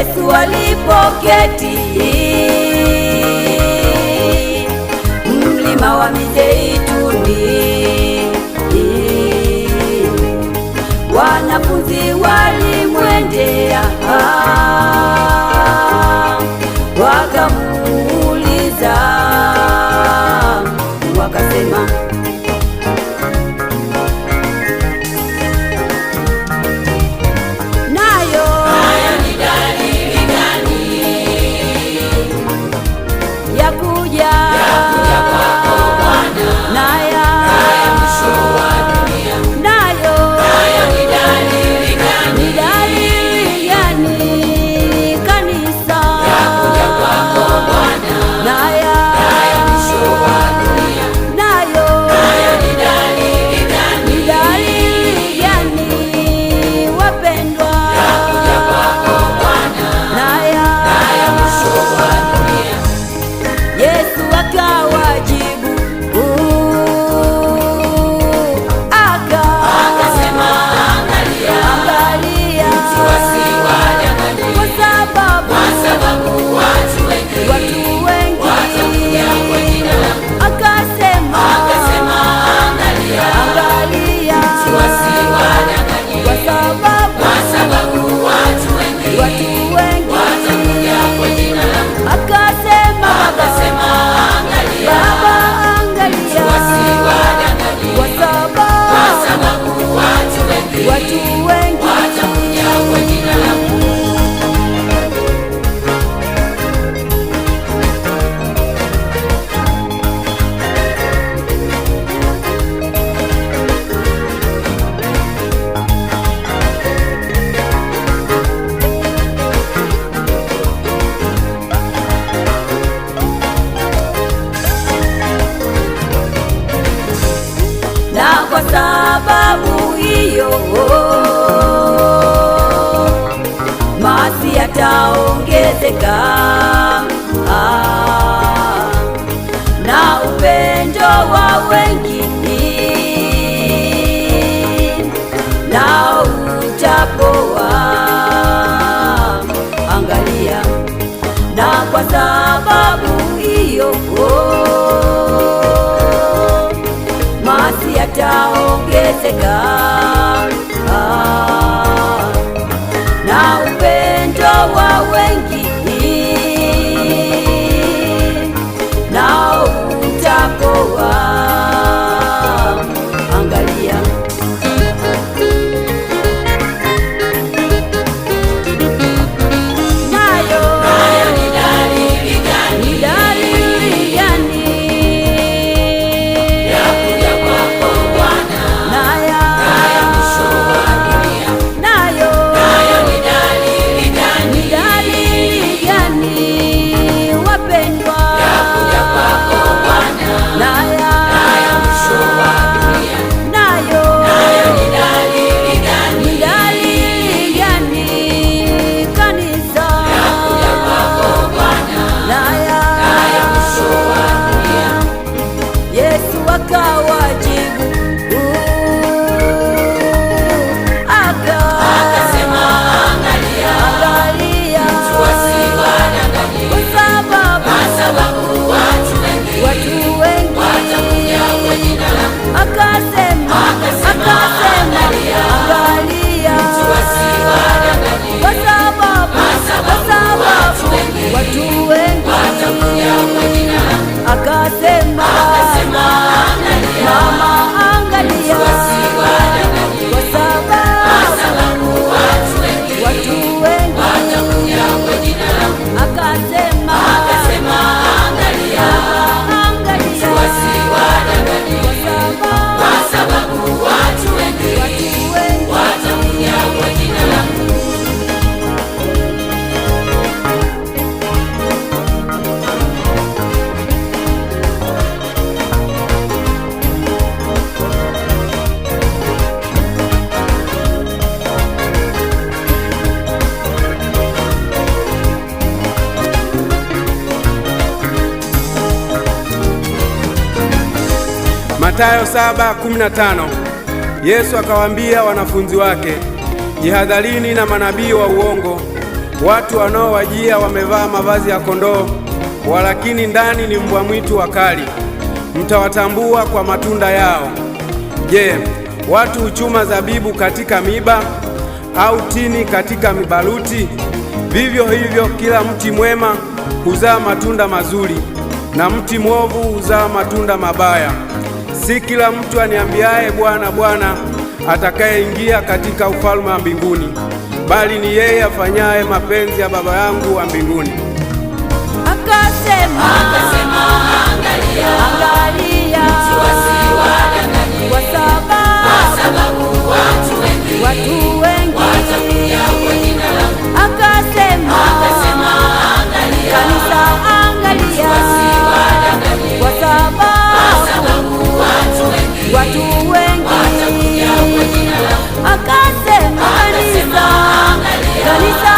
Yesu alipoketi, mlima wa Mizeituni, wanafunzi walimwendea wakamuu sababu hiyo maasi yataongezeka na upendo wa wengi nao utapoa. Angalia, na kwa sababu hiyo chao que se cae. Mathayo 7:15. Yesu akawaambia wanafunzi wake, jihadharini na manabii wa uongo, watu wanaowajia wamevaa mavazi ya kondoo, walakini ndani ni mbwa mwitu wakali. Mtawatambua kwa matunda yao. Je, watu huchuma zabibu katika miba au tini katika mibaluti? Vivyo hivyo kila mti mwema huzaa matunda mazuri na mti mwovu huzaa matunda mabaya. Si kila mtu aniambiaye Bwana, Bwana atakayeingia katika ufalme wa mbinguni, bali ni yeye afanyaye mapenzi ya Baba yangu wa mbinguni. Akasema, akasema angalia, angalia, kwa sababu watu wengi watakuja kwa jina langu. ¡Gracias!